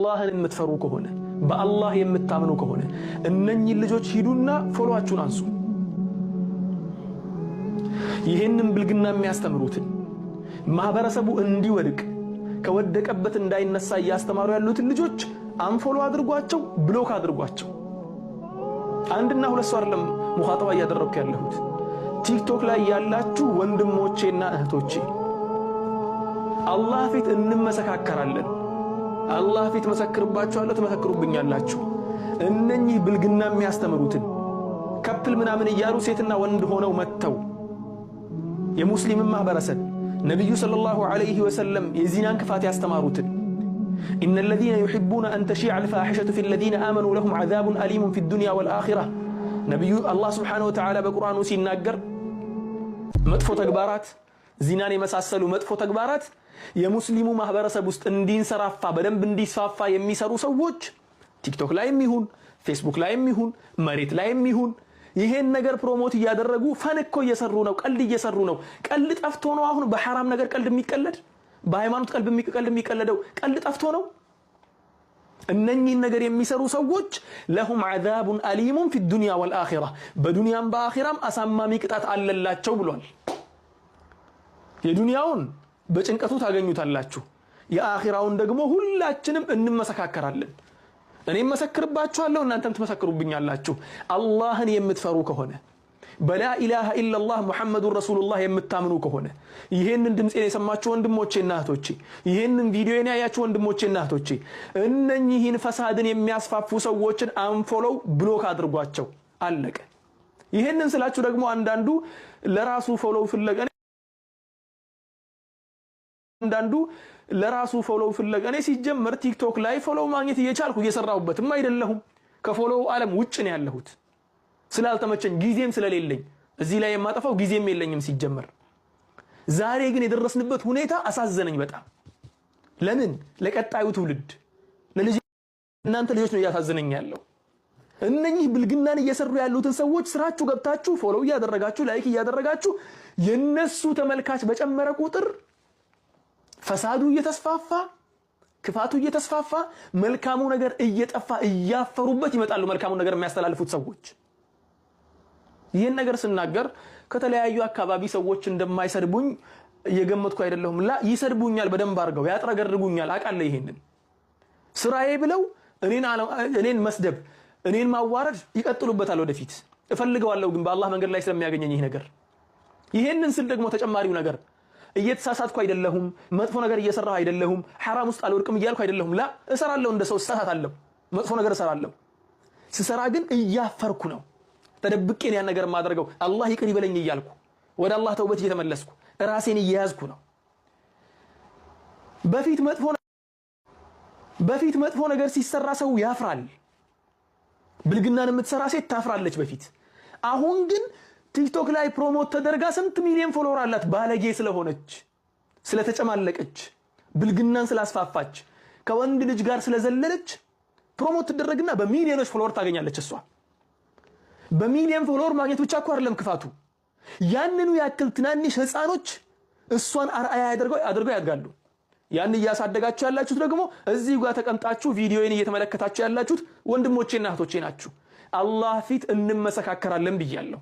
አላህን የምትፈሩ ከሆነ በአላህ የምታምኑ ከሆነ እነኚህ ልጆች ሂዱና ፎሎአችሁን አንሱ። ይህንን ብልግና የሚያስተምሩትን ማህበረሰቡ እንዲወድቅ ከወደቀበት እንዳይነሳ እያስተማሩ ያሉትን ልጆች አንፎሎ አድርጓቸው፣ ብሎክ አድርጓቸው። አንድና ሁለት ሰው አይደለም ሙኻጠባ እያደረግኩ ያለሁት ቲክቶክ ላይ ያላችሁ ወንድሞቼና እህቶቼ አላህ ፊት እንመሰካከራለን። አላህ ፊት መሰክርባችኋለሁ፣ ትመሰክሩብኛላችሁ። እነኚህ ብልግና የሚያስተምሩትን ከፕል ምናምን እያሉ ሴትና ወንድ ሆነው መጥተው የሙስሊምን ማህበረሰብ ነቢዩ ሰለላሁ ዐለይሂ ወሰለም የዚናን ክፋት ያስተማሩትን ኢነ ለዚነ ዩሒቡነ አን ተሺዕ አልፋሒሸቱ ፊ ለዚነ አመኑ ለሁም ዐዛቡን አሊሙን ፊ ዱንያ ወልአኺራ ነቢዩ አላህ ስብሓነሁ ወተዓላ በቁርአኑ ሲናገር መጥፎ ተግባራት ዚናን የመሳሰሉ መጥፎ ተግባራት የሙስሊሙ ማህበረሰብ ውስጥ እንዲንሰራፋ በደንብ እንዲስፋፋ የሚሰሩ ሰዎች ቲክቶክ ላይም ይሁን ፌስቡክ ላይም ይሁን መሬት ላይም ይሁን ይሄን ነገር ፕሮሞት እያደረጉ ፈን እኮ እየሰሩ ነው። ቀልድ እየሰሩ ነው። ቀልድ ጠፍቶ ነው አሁን በሐራም ነገር ቀልድ የሚቀለድ በሃይማኖት ቀልድ የሚቀለደው ቀልድ ጠፍቶ ነው። እነኚህን ነገር የሚሰሩ ሰዎች ለሁም ዐዛቡን አሊሙን ፊ ዱንያ ወልአኺራ፣ በዱንያም በአኺራም አሳማሚ ቅጣት አለላቸው ብሏል። የዱንያውን በጭንቀቱ ታገኙታላችሁ። የአኺራውን ደግሞ ሁላችንም እንመሰካከራለን። እኔ መሰክርባችኋለሁ፣ እናንተም ትመሰክሩብኛላችሁ። አላህን የምትፈሩ ከሆነ በላ ኢላሃ ኢላላህ ሙሐመዱን ረሱሉላህ የምታምኑ ከሆነ ይህንን ድምፄን የሰማችሁ ወንድሞቼና እህቶቼ፣ ይህንን ቪዲዮን ያያችሁ ወንድሞቼና እህቶቼ፣ እነኚህን ፈሳድን የሚያስፋፉ ሰዎችን አንፎለው ብሎክ አድርጓቸው። አለቀ። ይህንን ስላችሁ ደግሞ አንዳንዱ ለራሱ ፎሎው ፍለገ አንዳንዱ ለራሱ ፎሎው ፍለጋ እኔ ሲጀመር ቲክቶክ ላይ ፎሎው ማግኘት እየቻልኩ እየሰራሁበትም አይደለሁም። ከፎሎው ዓለም ውጭ ነው ያለሁት ስላልተመቸኝ ጊዜም ስለሌለኝ እዚህ ላይ የማጠፋው ጊዜም የለኝም ሲጀመር። ዛሬ ግን የደረስንበት ሁኔታ አሳዘነኝ በጣም ለምን ለቀጣዩ ትውልድ ለልጅ እናንተ ልጆች ነው እያሳዘነኝ ያለው። እነኚህ ብልግናን እየሰሩ ያሉትን ሰዎች ስራችሁ ገብታችሁ ፎሎው እያደረጋችሁ ላይክ እያደረጋችሁ የነሱ ተመልካች በጨመረ ቁጥር ፈሳዱ እየተስፋፋ ክፋቱ እየተስፋፋ መልካሙ ነገር እየጠፋ እያፈሩበት ይመጣሉ። መልካሙ ነገር የሚያስተላልፉት ሰዎች ይህን ነገር ስናገር ከተለያዩ አካባቢ ሰዎች እንደማይሰድቡኝ እየገመትኩ አይደለሁም። ላ ይሰድቡኛል፣ በደንብ አድርገው ያጥረገርጉኛል አውቃለሁ። ይሄንን ስራዬ ብለው እኔን መስደብ፣ እኔን ማዋረድ ይቀጥሉበታል። ወደፊት እፈልገዋለሁ፣ ግን በአላህ መንገድ ላይ ስለሚያገኘኝ ይህ ነገር ይሄንን ስል ደግሞ ተጨማሪው ነገር እየተሳሳትኩ አይደለሁም፣ መጥፎ ነገር እየሰራሁ አይደለሁም፣ ሐራም ውስጥ አልወድቅም እያልኩ አይደለሁም። ላ እሰራለሁ፣ እንደ ሰው እሳሳታለሁ፣ መጥፎ ነገር እሰራለሁ። ስሰራ ግን እያፈርኩ ነው፣ ተደብቄን ያን ነገር የማደርገው አላህ ይቅር ይበለኝ እያልኩ ወደ አላህ ተውበት እየተመለስኩ ራሴን እየያዝኩ ነው። በፊት መጥፎ ነገር ሲሰራ ሰው ያፍራል። ብልግናን የምትሰራ ሴት ታፍራለች በፊት አሁን ግን ቲክቶክ ላይ ፕሮሞት ተደርጋ ስንት ሚሊዮን ፎሎወር አላት። ባለጌ ስለሆነች፣ ስለተጨማለቀች፣ ብልግናን ስላስፋፋች፣ ከወንድ ልጅ ጋር ስለዘለለች ፕሮሞት ትደረግና በሚሊዮኖች ፎሎወር ታገኛለች። እሷ በሚሊዮን ፎሎወር ማግኘት ብቻ እኮ አይደለም ክፋቱ። ያንኑ ያክል ትናንሽ ህፃኖች እሷን አርአያ አድርገው ያድጋሉ። ያን እያሳደጋችሁ ያላችሁት ደግሞ እዚህ ጋር ተቀምጣችሁ ቪዲዮዬን እየተመለከታችሁ ያላችሁት ወንድሞቼና እህቶቼ ናችሁ። አላህ ፊት እንመሰካከራለን ብያለሁ።